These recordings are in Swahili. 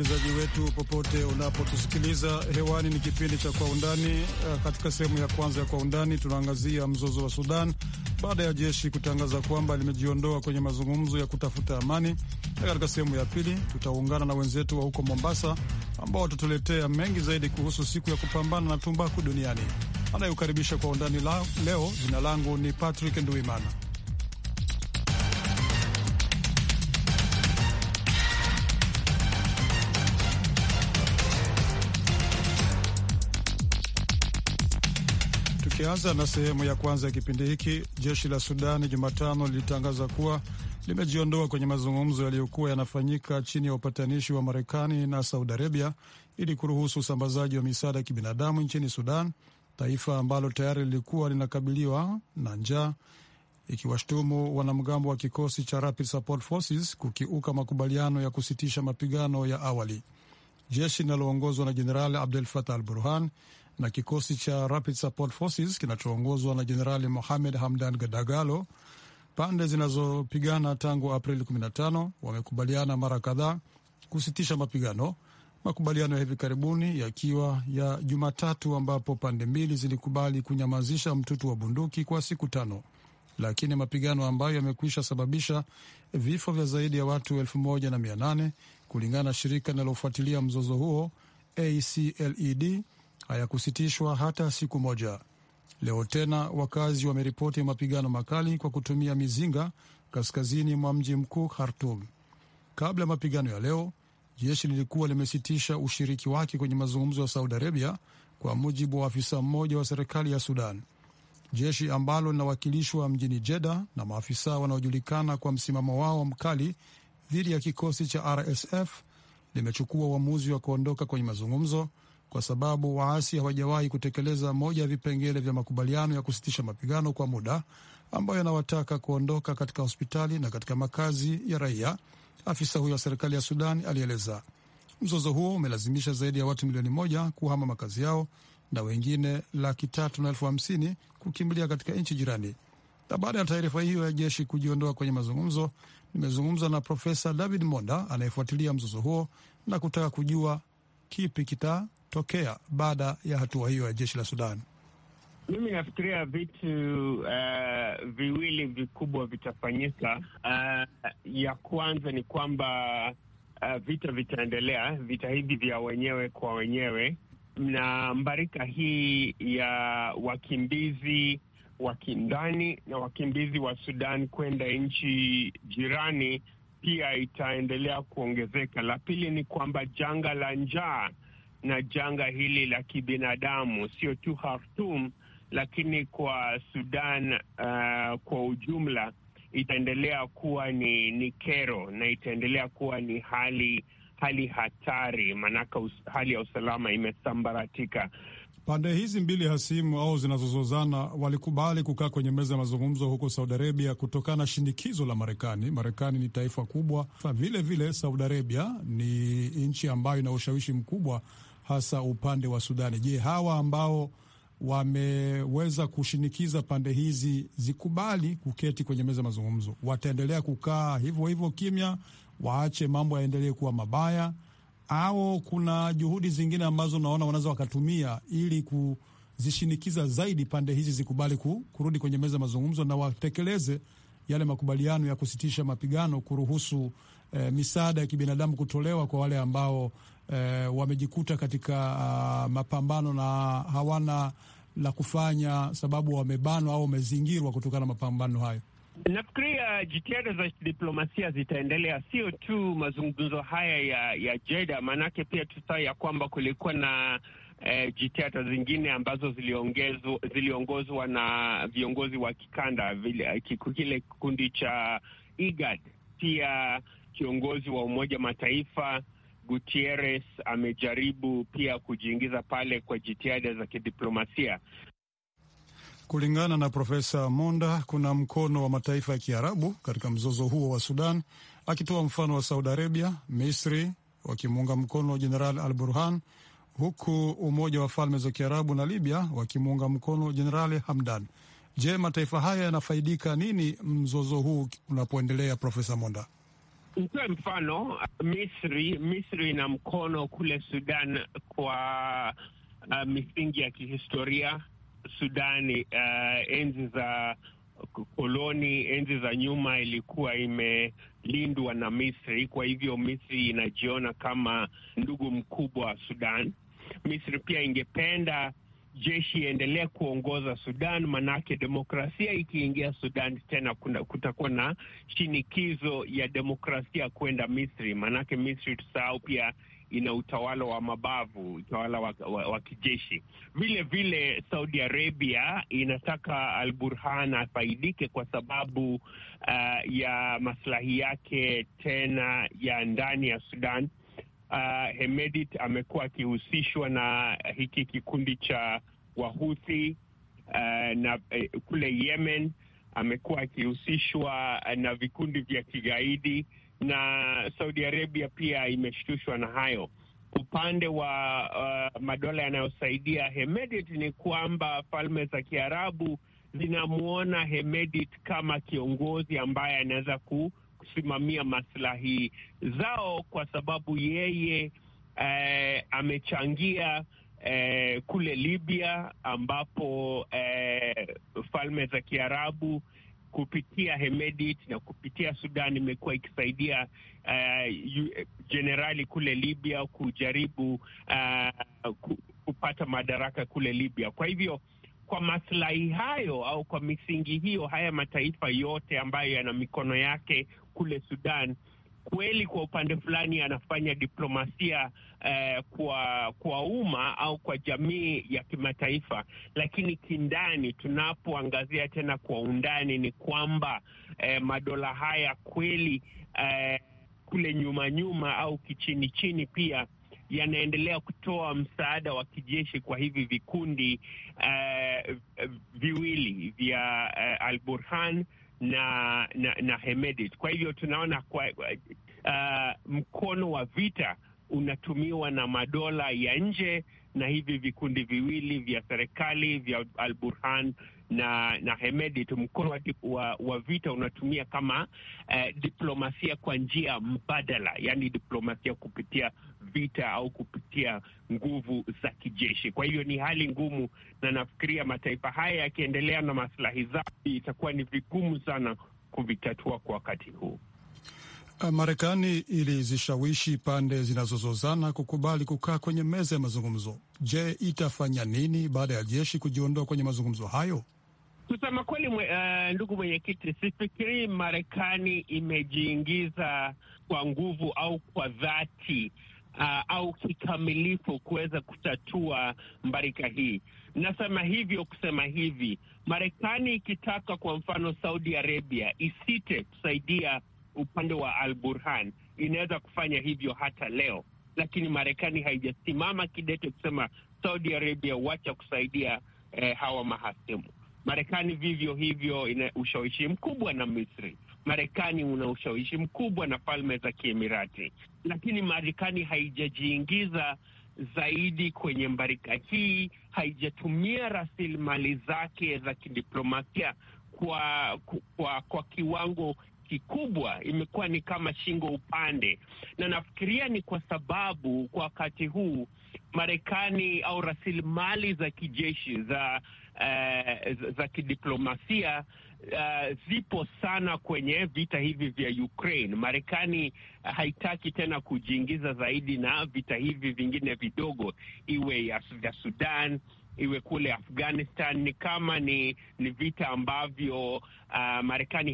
msikilizaji wetu popote unapotusikiliza hewani, ni kipindi cha Kwa Undani. Eh, katika sehemu ya kwanza ya Kwa Undani tunaangazia mzozo wa Sudan baada ya jeshi kutangaza kwamba limejiondoa kwenye mazungumzo ya kutafuta amani, na katika sehemu ya pili tutaungana na wenzetu wa huko Mombasa ambao watatuletea mengi zaidi kuhusu siku ya kupambana na tumbaku duniani. Anayokaribisha Kwa Undani leo, jina langu ni Patrick Nduimana. Tukianza na sehemu ya kwanza ya kipindi hiki, jeshi la Sudani Jumatano lilitangaza kuwa limejiondoa kwenye mazungumzo yaliyokuwa yanafanyika chini ya upatanishi wa Marekani na Saudi Arabia ili kuruhusu usambazaji wa misaada ya kibinadamu nchini Sudan, taifa ambalo tayari lilikuwa linakabiliwa na njaa, ikiwashtumu wanamgambo wa kikosi cha Rapid Support Forces kukiuka makubaliano ya kusitisha mapigano ya awali. Jeshi linaloongozwa na Jenerali Abdel Fattah al Burhan na kikosi cha Rapid Support Forces kinachoongozwa na Jenerali Mohamed Hamdan Gadagalo. Pande zinazopigana tangu Aprili 15 wamekubaliana mara kadhaa kusitisha mapigano, makubaliano ya hivi karibuni yakiwa ya Jumatatu ambapo pande mbili zilikubali kunyamazisha mtutu wa bunduki kwa siku tano, lakini mapigano ambayo yamekwisha sababisha vifo vya zaidi ya watu 18 kulingana na shirika linalofuatilia mzozo huo ACLED hayakusitishwa hata siku moja. Leo tena wakazi wameripoti mapigano makali kwa kutumia mizinga kaskazini mwa mji mkuu Khartum. Kabla ya mapigano ya leo, jeshi lilikuwa limesitisha ushiriki wake kwenye mazungumzo ya Saudi Arabia, kwa mujibu wa afisa mmoja wa serikali ya Sudan. Jeshi ambalo linawakilishwa mjini Jeda na maafisa wanaojulikana kwa msimamo wao mkali dhidi ya kikosi cha RSF limechukua uamuzi wa kuondoka kwenye mazungumzo kwa sababu waasi hawajawahi kutekeleza moja ya vipengele vya makubaliano ya kusitisha mapigano kwa muda ambayo yanawataka kuondoka katika hospitali na katika makazi ya raia. Afisa huyo wa serikali ya Sudan alieleza mzozo huo umelazimisha zaidi ya watu milioni moja kuhama makazi yao na wengine laki tatu na elfu hamsini kukimbilia katika nchi jirani. Na baada ya taarifa hiyo ya jeshi kujiondoa kwenye mazungumzo, nimezungumza na Profesa David Monda anayefuatilia mzozo huo na kutaka kujua kipi kitatokea baada ya hatua hiyo ya jeshi la Sudan? Mimi nafikiria vitu uh, viwili vikubwa vitafanyika. Uh, ya kwanza ni kwamba uh, vita vitaendelea, vita hivi vya wenyewe kwa wenyewe, na mbarika hii ya wakimbizi wa kindani na wakimbizi wa Sudan kwenda nchi jirani pia itaendelea kuongezeka. La pili ni kwamba janga la njaa na janga hili la kibinadamu sio tu Khartoum, lakini kwa Sudan uh, kwa ujumla itaendelea kuwa ni, ni kero na itaendelea kuwa ni hali hali hatari, maanake hali ya usalama imesambaratika. Pande hizi mbili hasimu au zinazozozana walikubali kukaa kwenye meza ya mazungumzo huko Saudi Arabia kutokana na shinikizo la Marekani. Marekani ni taifa kubwa, vilevile vile Saudi Arabia ni nchi ambayo ina ushawishi mkubwa, hasa upande wa Sudani. Je, hawa ambao wameweza kushinikiza pande hizi zikubali kuketi kwenye meza ya mazungumzo wataendelea kukaa hivyo hivyo kimya, waache mambo yaendelee kuwa mabaya? au kuna juhudi zingine ambazo naona wanaweza wakatumia ili kuzishinikiza zaidi pande hizi zikubali kurudi kwenye meza ya mazungumzo na watekeleze yale makubaliano ya kusitisha mapigano, kuruhusu eh, misaada ya kibinadamu kutolewa kwa wale ambao eh, wamejikuta katika uh, mapambano na hawana la kufanya, sababu wamebanwa au wamezingirwa kutokana na mapambano hayo. Nafikiria uh, jitihada za diplomasia zitaendelea, sio tu mazungumzo haya ya ya Jeda, maanake pia tusaa ya kwamba kulikuwa na eh, jitihada zingine ambazo ziliongozwa na viongozi wa kikanda eh, kile kikundi cha IGAD, pia kiongozi wa Umoja Mataifa Gutierrez amejaribu pia kujiingiza pale kwa jitihada za kidiplomasia. Kulingana na Profesa Monda, kuna mkono wa mataifa ya Kiarabu katika mzozo huo wa Sudan, akitoa mfano wa Saudi Arabia, Misri wakimuunga mkono Jeneral Al Burhan, huku Umoja wa Falme za Kiarabu na Libya wakimuunga mkono Jenerali Hamdan. Je, mataifa haya yanafaidika nini mzozo huu unapoendelea, Profesa Monda? Nitoe mfano Misri. Misri ina mkono kule Sudan kwa uh, misingi ya kihistoria Sudani uh, enzi za koloni, enzi za nyuma ilikuwa imelindwa na Misri. Kwa hivyo Misri inajiona kama ndugu mkubwa wa Sudan. Misri pia ingependa jeshi iendelee kuongoza Sudan, manake demokrasia ikiingia Sudan tena kuna, kutakuwa na shinikizo ya demokrasia kwenda Misri, manake Misri tusahau pia ina utawala wa mabavu, utawala wa, wa, wa kijeshi. Vile vile Saudi Arabia inataka Al Burhan afaidike kwa sababu uh, ya maslahi yake tena ya ndani ya Sudan. Uh, Hemedit amekuwa akihusishwa na hiki kikundi cha Wahuthi uh, na uh, kule Yemen amekuwa akihusishwa na vikundi vya kigaidi na Saudi Arabia pia imeshtushwa na hayo. Upande wa uh, madola yanayosaidia Hemedit ni kwamba falme za Kiarabu zinamwona Hemedit kama kiongozi ambaye anaweza kusimamia maslahi zao kwa sababu yeye eh, amechangia eh, kule Libya ambapo eh, falme za Kiarabu kupitia Hemedit na kupitia Sudan imekuwa ikisaidia uh, jenerali uh, kule Libya kujaribu uh, kupata madaraka kule Libya. Kwa hivyo kwa maslahi hayo au kwa misingi hiyo, haya mataifa yote ambayo yana mikono yake kule Sudan kweli kwa upande fulani anafanya diplomasia eh, kwa kwa umma au kwa jamii ya kimataifa, lakini kindani, tunapoangazia tena kwa undani, ni kwamba eh, madola haya kweli eh, kule nyuma nyuma au kichini chini pia yanaendelea kutoa msaada wa kijeshi kwa hivi vikundi eh, viwili vya eh, Al Burhan na na, na Hemedit. Kwa hivyo tunaona kwa, uh, mkono wa vita unatumiwa na madola ya nje na hivi vikundi viwili vya serikali vya Al Burhan na na Hemedit, Mkono wa, wa vita unatumia kama uh, diplomasia kwa njia mbadala, yani diplomasia kupitia vita au kupitia nguvu za kijeshi. Kwa hivyo ni hali ngumu, na nafikiria mataifa haya yakiendelea na maslahi zao, itakuwa ni vigumu sana kuvitatua kwa wakati huu. Eh, Marekani ilizishawishi pande zinazozozana kukubali kukaa kwenye meza ya mazungumzo. Je, itafanya nini baada ya jeshi kujiondoa kwenye mazungumzo hayo? Kusema kweli, mwe, uh, ndugu mwenyekiti, sifikirii Marekani imejiingiza kwa nguvu au kwa dhati uh, au kikamilifu kuweza kutatua mbarika hii. Nasema hivyo kusema hivi, Marekani ikitaka kwa mfano Saudi Arabia isite kusaidia upande wa Al Burhan, inaweza kufanya hivyo hata leo, lakini Marekani haijasimama kidete kusema Saudi Arabia, wacha kusaidia eh, hawa mahasimu. Marekani vivyo hivyo ina ushawishi mkubwa na Misri Marekani una ushawishi mkubwa na Falme za Kiemirati, lakini Marekani haijajiingiza zaidi kwenye mbarika hii, haijatumia rasilimali zake za kidiplomasia kwa, kwa, kwa kiwango kikubwa. Imekuwa ni kama shingo upande, na nafikiria ni kwa sababu kwa wakati huu Marekani au rasilimali za kijeshi za, uh, za, za kidiplomasia uh, zipo sana kwenye vita hivi vya Ukraine. Marekani uh, haitaki tena kujiingiza zaidi na vita hivi vingine vidogo, iwe vya Sudan iwe kule Afghanistan. Ni kama ni ni vita ambavyo uh, Marekani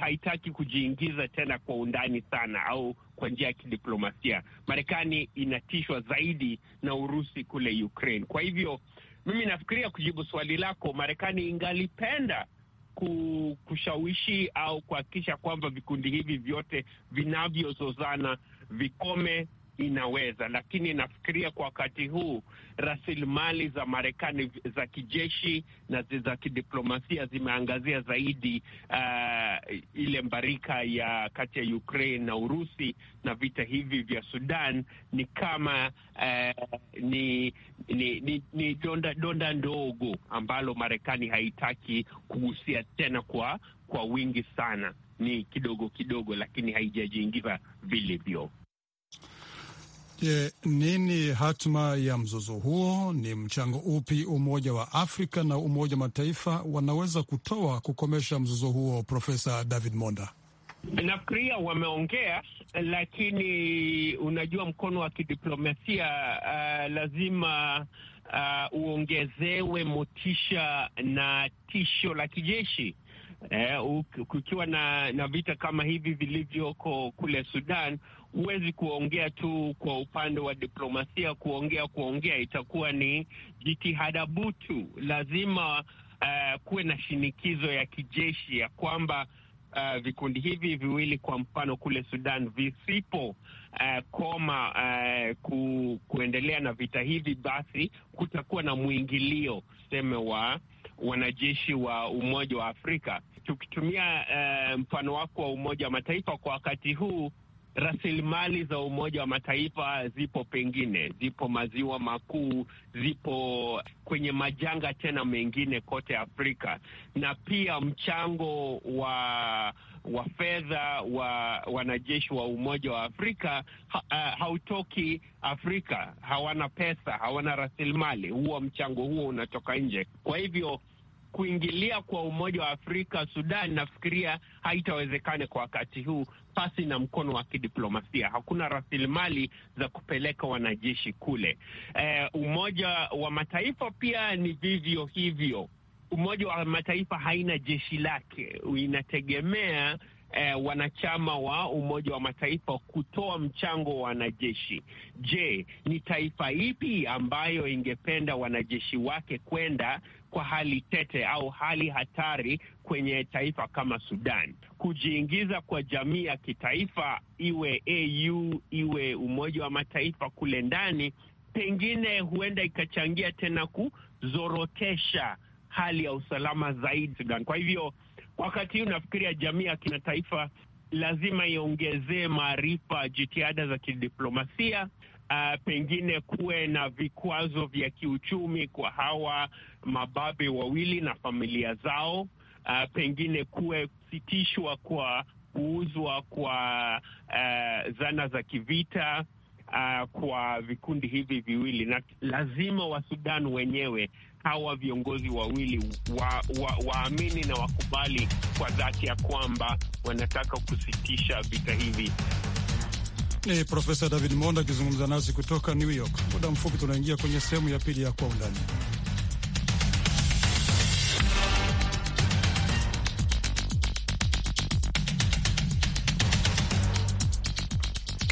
haitaki kujiingiza tena kwa undani sana au kwa njia ya kidiplomasia. Marekani inatishwa zaidi na Urusi kule Ukraine. Kwa hivyo mimi nafikiria, kujibu swali lako, Marekani ingalipenda kushawishi au kuhakikisha kwamba vikundi hivi vyote vinavyozozana vikome inaweza, lakini nafikiria kwa wakati huu rasilimali za Marekani za kijeshi na za kidiplomasia zimeangazia zaidi uh, ile mbarika ya kati ya Ukraine na Urusi na vita hivi vya Sudan ni kama uh, ni, ni, ni, ni donda, donda ndogo ambalo Marekani haitaki kugusia tena kwa, kwa wingi sana, ni kidogo kidogo, lakini haijajiingiza vilivyo. Je, nini hatma ya mzozo huo? Ni mchango upi Umoja wa Afrika na Umoja Mataifa wanaweza kutoa kukomesha mzozo huo? Profesa David Monda. Nafikiria wameongea, lakini unajua mkono wa kidiplomasia uh, lazima uh, uongezewe motisha na tisho la kijeshi. Eh, kukiwa na, na vita kama hivi vilivyoko kule Sudan, huwezi kuongea tu kwa upande wa diplomasia, kuongea kuongea, itakuwa ni jitihada butu. Lazima uh, kuwe na shinikizo ya kijeshi ya kwamba uh, vikundi hivi viwili kwa mfano kule Sudan visipo Uh, koma uh, ku, kuendelea na vita hivi, basi kutakuwa na mwingilio tuseme wa wanajeshi wa Umoja wa Afrika. Tukitumia uh, mfano wako wa Umoja wa Mataifa kwa wakati huu rasilimali za Umoja wa Mataifa zipo pengine, zipo maziwa makuu, zipo kwenye majanga tena mengine kote Afrika, na pia mchango wa wa fedha wa wanajeshi wa Umoja wa Afrika ha, uh, hautoki Afrika. Hawana pesa, hawana rasilimali, huo mchango huo unatoka nje. Kwa hivyo kuingilia kwa Umoja wa Afrika Sudan nafikiria haitawezekana kwa wakati huu, pasi na mkono wa kidiplomasia. Hakuna rasilimali za kupeleka wanajeshi kule. Eh, Umoja wa Mataifa pia ni vivyo hivyo. Umoja wa Mataifa haina jeshi lake, inategemea Eh, wanachama wa Umoja wa Mataifa kutoa mchango wa wanajeshi. Je, ni taifa ipi ambayo ingependa wanajeshi wake kwenda kwa hali tete au hali hatari kwenye taifa kama Sudan. Kujiingiza kwa jamii ya kitaifa, iwe AU iwe Umoja wa Mataifa kule ndani, pengine huenda ikachangia tena kuzorotesha hali ya usalama zaidi Sudan. Kwa hivyo wakati huu nafikiria jamii ya kimataifa lazima iongezee maarifa, jitihada za kidiplomasia uh, pengine kuwe na vikwazo vya kiuchumi kwa hawa mababe wawili na familia zao, uh, pengine kuwe kusitishwa kwa kuuzwa kwa uh, zana za kivita uh, kwa vikundi hivi viwili, na lazima Wasudan wenyewe hawa viongozi wawili waamini wa, wa na wakubali kwa dhati ya kwamba wanataka kusitisha vita hivi ni Profesa David Monda akizungumza nasi kutoka New York. Muda mfupi tunaingia kwenye sehemu ya pili ya Kwa Undani.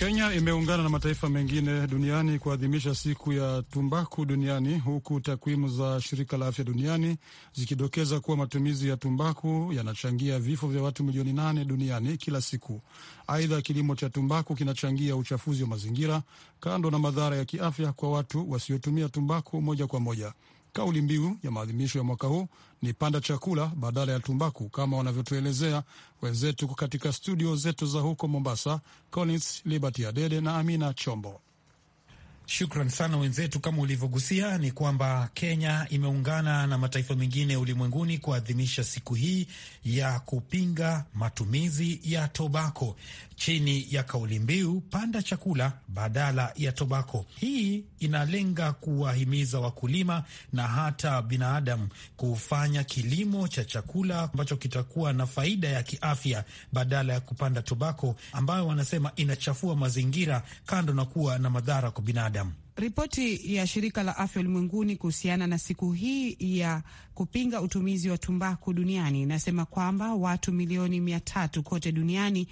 Kenya imeungana na mataifa mengine duniani kuadhimisha siku ya tumbaku duniani huku takwimu za shirika la afya duniani zikidokeza kuwa matumizi ya tumbaku yanachangia vifo vya watu milioni nane duniani kila siku. Aidha, kilimo cha tumbaku kinachangia uchafuzi wa mazingira, kando na madhara ya kiafya kwa watu wasiotumia tumbaku moja kwa moja. Kauli mbiu ya maadhimisho ya mwaka huu ni panda chakula badala ya tumbaku, kama wanavyotuelezea wenzetu katika studio zetu za huko Mombasa, Collins Liberty Adede na Amina Chombo. Shukran sana wenzetu, kama ulivyogusia ni kwamba Kenya imeungana na mataifa mengine ulimwenguni kuadhimisha siku hii ya kupinga matumizi ya tobako chini ya kauli mbiu panda chakula badala ya tobako. Hii inalenga kuwahimiza wakulima na hata binadamu kufanya kilimo cha chakula ambacho kitakuwa na faida ya kiafya badala ya kupanda tobako ambayo wanasema inachafua mazingira, kando na kuwa na madhara kwa binadamu. Ripoti ya shirika la afya ulimwenguni kuhusiana na siku hii ya kupinga utumizi wa tumbaku duniani inasema kwamba watu milioni mia tatu kote duniani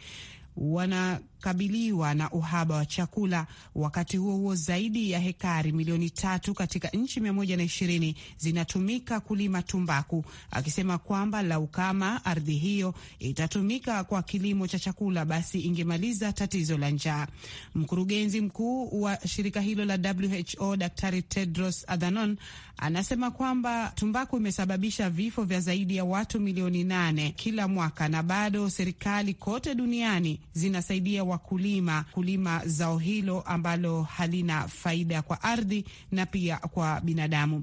wana kabiliwa na uhaba wa chakula. Wakati huo huo, zaidi ya hekari milioni tatu katika nchi mia moja na ishirini zinatumika kulima tumbaku, akisema kwamba lau kama ardhi hiyo itatumika kwa kilimo cha chakula, basi ingemaliza tatizo la njaa. Mkurugenzi mkuu wa shirika hilo la WHO Daktari Tedros Adhanom anasema kwamba tumbaku imesababisha vifo vya zaidi ya watu milioni nane kila mwaka na bado serikali kote duniani zinasaidia wakulima kulima zao hilo ambalo halina faida kwa ardhi na pia kwa binadamu.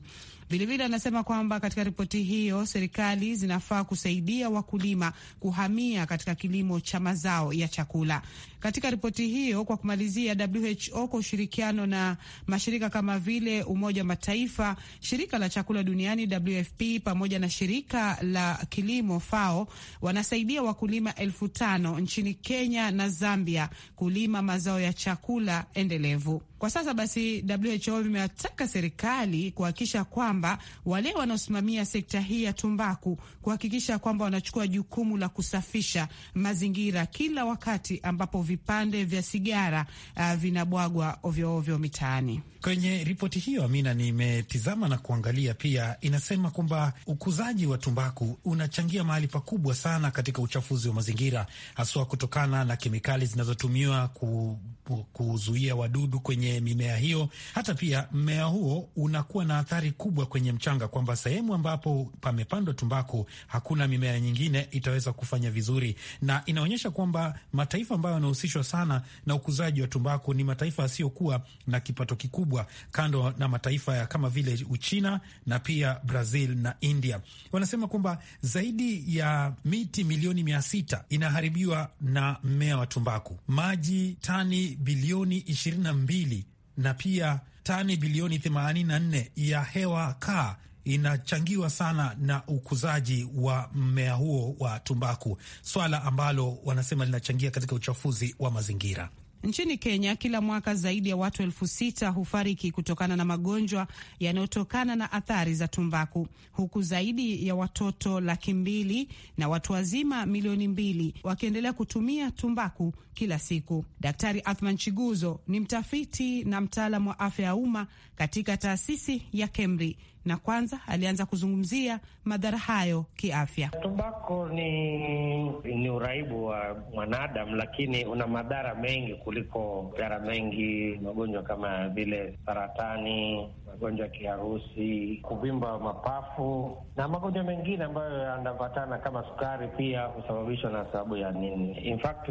Vilevile anasema kwamba katika ripoti hiyo serikali zinafaa kusaidia wakulima kuhamia katika kilimo cha mazao ya chakula. Katika ripoti hiyo, kwa kumalizia, WHO kwa ushirikiano na mashirika kama vile Umoja wa Mataifa, shirika la chakula duniani WFP, pamoja na shirika la kilimo FAO wanasaidia wakulima elfu tano nchini Kenya na Zambia kulima mazao ya chakula endelevu. Kwa sasa basi, WHO vimewataka serikali kuhakikisha kwamba kwamba wale wanaosimamia sekta hii ya tumbaku kuhakikisha kwamba wanachukua jukumu la kusafisha mazingira kila wakati ambapo vipande vya sigara uh, vinabwagwa ovyoovyo mitaani. Kwenye ripoti hiyo, Amina, nimetizama na kuangalia pia, inasema kwamba ukuzaji wa tumbaku unachangia mahali pakubwa sana katika uchafuzi wa mazingira, haswa kutokana na kemikali zinazotumiwa ku kuzuia wadudu kwenye mimea hiyo. Hata pia mmea huo unakuwa na athari kubwa kwenye mchanga, kwamba sehemu ambapo pamepandwa tumbaku hakuna mimea nyingine itaweza kufanya vizuri, na inaonyesha kwamba mataifa ambayo yanahusishwa sana na ukuzaji wa tumbaku ni mataifa yasiyokuwa na kipato kikubwa, kando na mataifa ya kama vile Uchina na pia Brazil na India. Wanasema kwamba zaidi ya miti milioni mia sita inaharibiwa na mmea wa tumbaku, maji tani bilioni 22 na pia tani bilioni 84 ya hewa kaa inachangiwa sana na ukuzaji wa mmea huo wa tumbaku, swala ambalo wanasema linachangia katika uchafuzi wa mazingira. Nchini Kenya, kila mwaka zaidi ya watu elfu sita hufariki kutokana na magonjwa yanayotokana na athari za tumbaku, huku zaidi ya watoto laki mbili na watu wazima milioni mbili wakiendelea kutumia tumbaku kila siku. Daktari Athman Chiguzo ni mtafiti na mtaalamu wa afya ya umma katika taasisi ya KEMRI na kwanza alianza kuzungumzia madhara hayo kiafya. Tumbako ni, ni uraibu wa mwanadamu, lakini una madhara mengi kuliko madhara mengi, magonjwa kama vile saratani, magonjwa ya kiharusi, kuvimba mapafu na magonjwa mengine ambayo yanaambatana kama sukari, pia husababishwa na sababu ya nini? In fact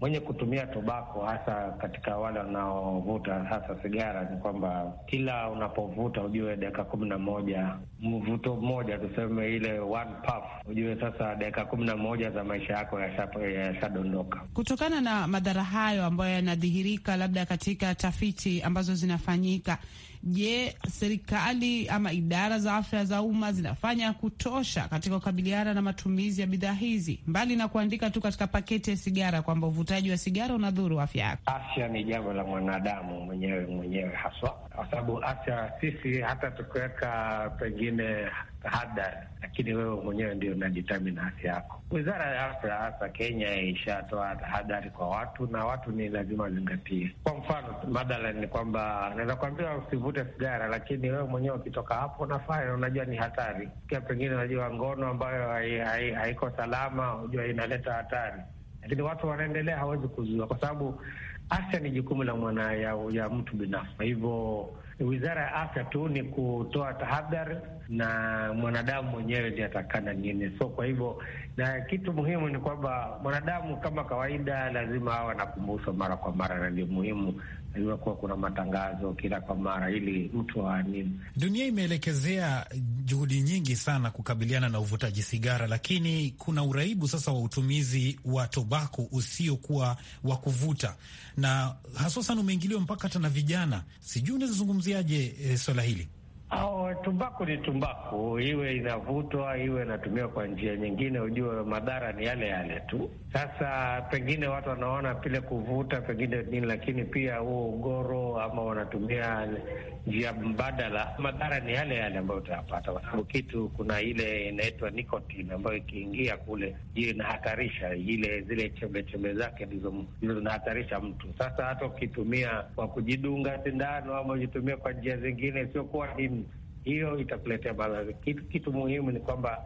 mwenye kutumia tobako, hasa katika wale wanaovuta hasa sigara, ni kwamba kila unapovuta ujue dakika kumi na moja moja, mvuto mmoja, tuseme ile one puff, ujue sasa dakika kumi na moja za maisha yako yashadondoka. Kutokana na madhara hayo ambayo yanadhihirika labda katika tafiti ambazo zinafanyika Je, serikali ama idara za afya za umma zinafanya kutosha katika kukabiliana na matumizi ya bidhaa hizi, mbali na kuandika tu katika paketi ya sigara kwamba uvutaji wa sigara unadhuru afya yako? Afya ni jambo la mwanadamu mwenyewe mwenyewe haswa, kwa sababu afya sisi hata tukiweka pengine hada, lakini wewe mwenyewe ndio unadetermine afya yako. Wizara ya afya hasa Kenya ishatoa tahadhari kwa watu na watu ni lazima wazingatie. Kwa mfano mathalan ni kwamba naweza kuambia usivute sigara, lakini wewe mwenyewe ukitoka hapo unafanya, unajua ni hatari kia, pengine unajua ngono ambayo haiko salama, unajua inaleta hatari, lakini watu wanaendelea, hawezi kuzuia kwa sababu afya ni jukumu la mwana ya, ya mtu binafsi. Kwa hivyo wizara ya afya tu ni kutoa tahadhari na mwanadamu mwenyewe ndiye atakana nini. So kwa hivyo, na kitu muhimu ni kwamba mwanadamu kama kawaida lazima awe anakumbushwa mara kwa mara, na ndio muhimu iwekuwa kuna matangazo kila kwa mara ili mtu ani Dunia imeelekezea juhudi nyingi sana kukabiliana na uvutaji sigara, lakini kuna uraibu sasa wa utumizi wa tobako usiokuwa wa kuvuta, na hasusan umeingiliwa mpaka hata na vijana. Sijui unazozungumziaje e, eh, swala hili? Oh, tumbaku ni tumbaku, iwe inavutwa iwe inatumiwa kwa njia nyingine, ujue madhara ni yale yale tu. Sasa pengine watu wanaona pile kuvuta pengine nini, lakini pia huo ugoro ama wanatumia njia mbadala, madhara ni yale yale ambayo utayapata, kwa sababu kitu kuna ile inaitwa nikotini ambayo ikiingia kule, hiyo inahatarisha ile zile chembechembe zake ndizo zinahatarisha mtu. Sasa hata ukitumia kwa kujidunga sindano ama ujitumia kwa njia zingine isiyokuwa hiyo itakuletea madhara. Kitu, kitu muhimu ni kwamba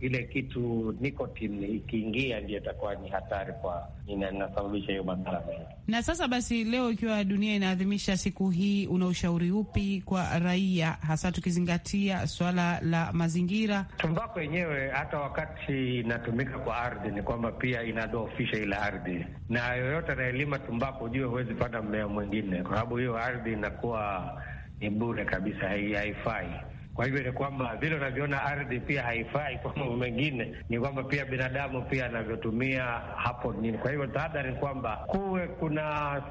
ile kitu nikotini ikiingia ndio itakuwa ni hatari kwa inasababisha hiyo madhara mengi. Na sasa basi, leo ikiwa dunia inaadhimisha siku hii, una ushauri upi kwa raia, hasa tukizingatia swala la mazingira? Tumbako yenyewe hata wakati inatumika kwa ardhi, ni kwamba pia inadhoofisha ile ardhi, na yoyote anayelima tumbako, ujue huwezi panda mmea mwingine, kwa sababu hiyo ardhi inakuwa ni bure kabisa, haifai. Kwa hivyo ni kwamba vile unavyoona ardhi pia haifai kwa mambo mengine, ni kwamba pia binadamu pia anavyotumia hapo nini. Kwa hivyo tahadhari ni kwamba kuwe kuna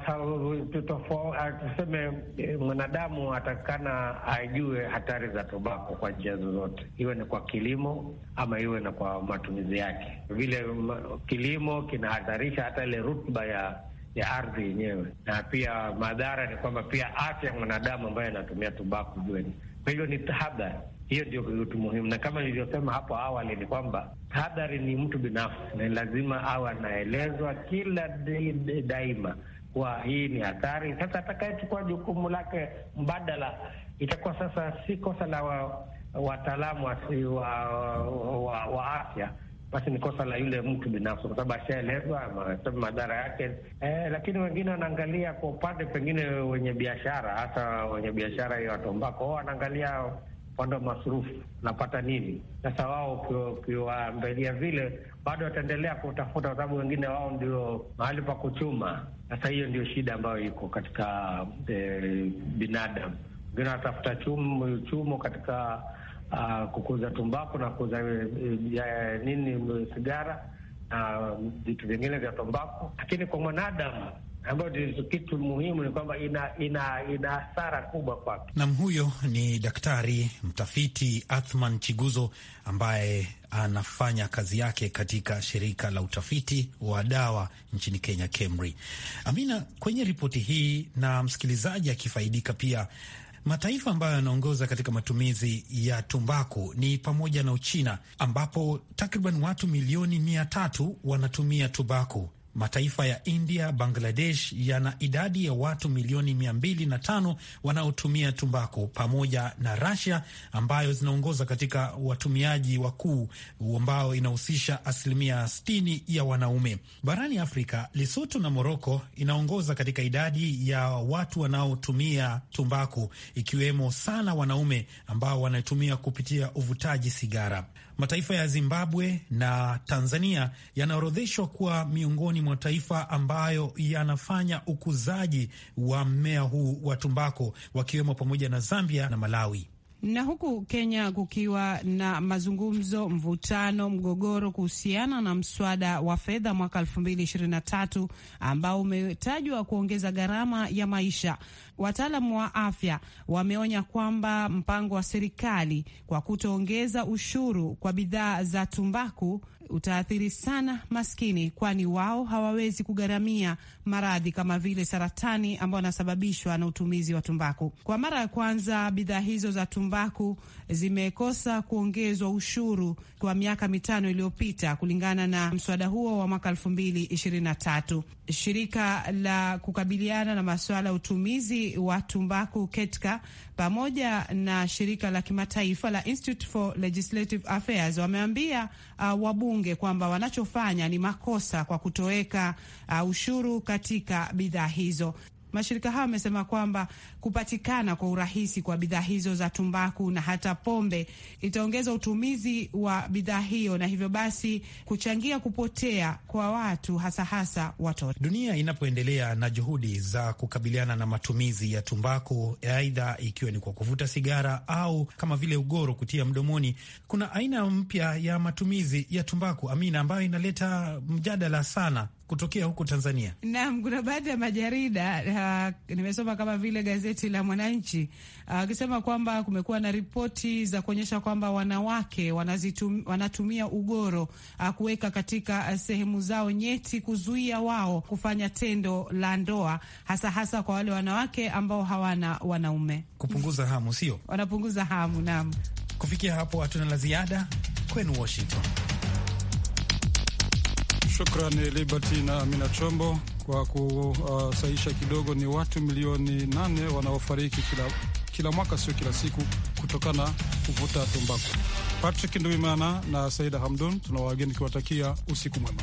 tuseme, eh, mwanadamu atakana ajue hatari za tobako kwa njia zozote, iwe ni kwa kilimo ama iwe na kwa matumizi yake. Vile kilimo kinahatarisha hata ile rutuba ya ya ardhi yenyewe, na pia madhara ni kwamba pia afya ya mwanadamu ambaye anatumia tumbaku jueni. Kwa hivyo ni tahadhari, hiyo ndio kitu muhimu, na kama nilivyosema hapo awali ni kwamba tahadhari ni mtu binafsi, na lazima awe anaelezwa kila daima kuwa hii ni hatari. Sasa atakayechukua jukumu lake mbadala itakuwa sasa si kosa la wataalamu wa, wa, wa, wa, wa afya basi ni kosa la yule mtu binafsi, kwa sababu ashaelezwa amesema madhara yake. Eh, lakini wengine wanaangalia kwa upande pengine, wenye biashara, hasa wenye biashara hiyo watombako wanaangalia upande wa masurufu, napata nini? Sasa wao ukiwaambelia vile, bado wataendelea kutafuta, kwa sababu wengine wao ndio mahali pa kuchuma. Sasa hiyo ndio shida ambayo iko katika eh, binadamu wengine wanatafuta chumo katika uh, kukuza tumbako na kuuza uh, eh, eh, nini sigara na um, vitu vingine vya tumbako, lakini kwa mwanadamu ambayo kitu muhimu ni kwamba ina ina ina hasara kubwa kwake. Nam, huyo ni daktari mtafiti Athman Chiguzo ambaye anafanya kazi yake katika shirika la utafiti wa dawa nchini Kenya, KEMRI. Amina, kwenye ripoti hii na msikilizaji akifaidika pia Mataifa ambayo yanaongoza katika matumizi ya tumbaku ni pamoja na Uchina ambapo takriban watu milioni mia tatu wanatumia tumbaku Mataifa ya India, Bangladesh yana idadi ya watu milioni 205 wanaotumia tumbako pamoja na rasia ambayo zinaongoza katika watumiaji wakuu ambao inahusisha asilimia 60 ya wanaume. Barani Afrika, Lesotho na Moroko inaongoza katika idadi ya watu wanaotumia tumbako, ikiwemo sana wanaume ambao wanatumia kupitia uvutaji sigara. Mataifa ya Zimbabwe na Tanzania yanaorodheshwa kuwa miongoni mwa taifa ambayo yanafanya ukuzaji wa mmea huu wa tumbako, wakiwemo pamoja na Zambia na Malawi. Na huku Kenya kukiwa na mazungumzo, mvutano, mgogoro kuhusiana na mswada wa fedha mwaka 2023 ambao umetajwa kuongeza gharama ya maisha, wataalamu wa afya wameonya kwamba mpango wa serikali kwa kutoongeza ushuru kwa bidhaa za tumbaku utaathiri sana maskini, kwani wao hawawezi kugharamia maradhi kama vile saratani ambayo anasababishwa na utumizi wa tumbaku. Kwa mara ya kwanza bidhaa hizo za tumbaku zimekosa kuongezwa ushuru kwa miaka mitano iliyopita kulingana na mswada huo wa mwaka elfu mbili ishirini na tatu shirika la kukabiliana na masuala ya utumizi wa tumbaku Ketka pamoja na shirika la kimataifa la Institute for Legislative Affairs wameambia uh, wabunge kwamba wanachofanya ni makosa kwa kutoweka uh, ushuru katika bidhaa hizo. Mashirika hayo amesema kwamba kupatikana kwa urahisi kwa bidhaa hizo za tumbaku na hata pombe itaongeza utumizi wa bidhaa hiyo na hivyo basi kuchangia kupotea kwa watu hasa hasa watoto. Dunia inapoendelea na juhudi za kukabiliana na matumizi ya tumbaku, aidha ikiwa ni kwa kuvuta sigara au kama vile ugoro kutia mdomoni, kuna aina mpya ya matumizi ya tumbaku, Amina, ambayo inaleta mjadala sana kutokea huko Tanzania? Naam, kuna baadhi ya majarida uh, nimesoma kama vile gazeti la Mwananchi ah, akisema uh, kwamba kumekuwa na ripoti za kuonyesha kwamba wanawake wanazitum, wanatumia ugoro uh, kuweka katika uh, sehemu zao nyeti kuzuia wao kufanya tendo la ndoa, hasa hasa kwa wale wanawake ambao hawana wanaume, kupunguza hamu, sio wanapunguza hamu. Naam, kufikia hapo hatuna la ziada kwenu Washington. Shukrani Liberty na Amina Chombo kwa kusahisha kidogo. Ni watu milioni nane wanaofariki kila, kila mwaka, sio kila siku, kutokana kuvuta tumbaku. Patrick Nduimana na Saida Hamdun tunawageni kiwatakia usiku mwema.